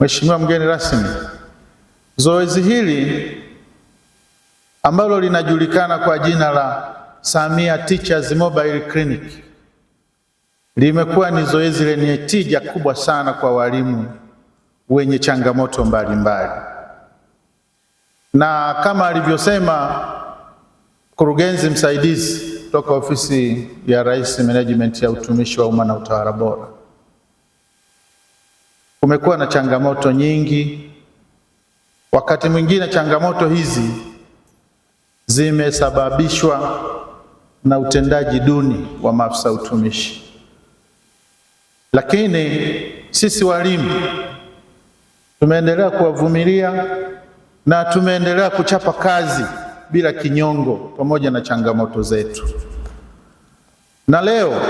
Mheshimiwa mgeni rasmi, zoezi hili ambalo linajulikana kwa jina la Samia Teachers Mobile Clinic limekuwa ni zoezi lenye tija kubwa sana kwa walimu wenye changamoto mbalimbali mbali. Na kama alivyosema mkurugenzi msaidizi kutoka ofisi ya Rais Management ya utumishi wa umma na utawala bora Kumekuwa na changamoto nyingi. Wakati mwingine changamoto hizi zimesababishwa na utendaji duni wa maafisa utumishi, lakini sisi walimu tumeendelea kuwavumilia na tumeendelea kuchapa kazi bila kinyongo, pamoja na changamoto zetu, na leo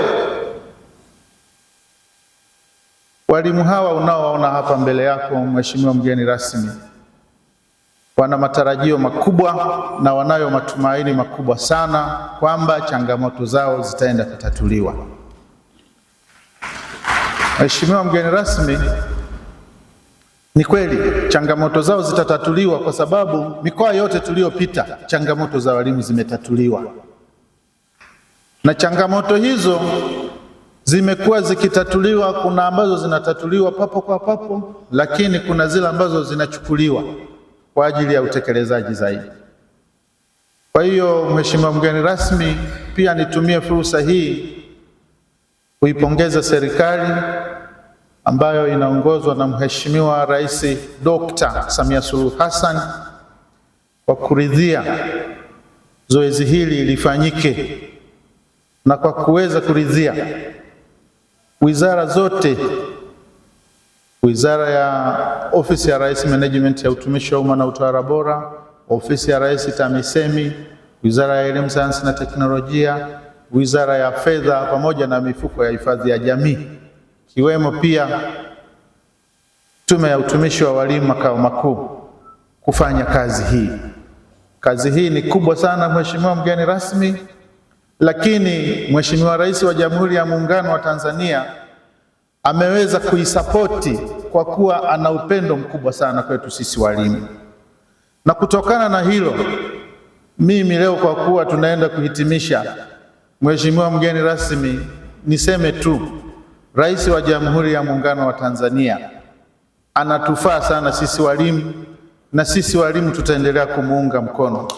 Walimu hawa unaowaona hapa mbele yako, mheshimiwa mgeni rasmi, wana matarajio makubwa na wanayo matumaini makubwa sana kwamba changamoto zao zitaenda kutatuliwa. Mheshimiwa mgeni rasmi, ni kweli changamoto zao zitatatuliwa kwa sababu mikoa yote tuliyopita changamoto za walimu zimetatuliwa na changamoto hizo zimekuwa zikitatuliwa. Kuna ambazo zinatatuliwa papo kwa papo, lakini kuna zile ambazo zinachukuliwa kwa ajili ya utekelezaji zaidi. Kwa hiyo, Mheshimiwa mgeni rasmi, pia nitumie fursa hii kuipongeza serikali ambayo inaongozwa na Mheshimiwa Rais Dkt. Samia Suluhu Hassan kwa kuridhia zoezi hili lifanyike na kwa kuweza kuridhia wizara zote, wizara ya ofisi ya Rais Management ya utumishi wa umma na utawala bora, ofisi ya Rais TAMISEMI, wizara ya elimu, sayansi na teknolojia, wizara ya fedha, pamoja na mifuko ya hifadhi ya jamii, ikiwemo pia tume ya utumishi wa walimu makao makuu kufanya kazi hii. Kazi hii ni kubwa sana, Mheshimiwa mgeni rasmi. Lakini Mheshimiwa Rais wa Jamhuri ya Muungano wa Tanzania ameweza kuisapoti kwa kuwa ana upendo mkubwa sana kwetu sisi walimu, na kutokana na hilo mimi leo kwa kuwa tunaenda kuhitimisha, Mheshimiwa mgeni rasmi, niseme tu Rais wa Jamhuri ya Muungano wa Tanzania anatufaa sana sisi walimu, na sisi walimu tutaendelea kumuunga mkono.